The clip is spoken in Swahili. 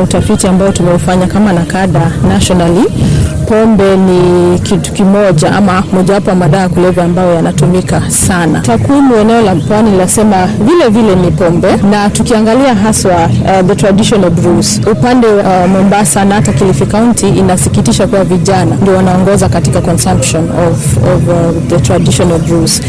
na utafiti ambao tumeufanya kama NACADA nationally, pombe ni kitu kimoja ama mojawapo ya madawa ya kulevya ambayo yanatumika sana. Takwimu eneo la pwani linasema vile vile ni pombe, na tukiangalia haswa uh, the traditional brews upande wa uh, Mombasa na hata Kilifi County, inasikitisha kuwa vijana ndio wanaongoza katika consumption of, of uh, the traditional brews.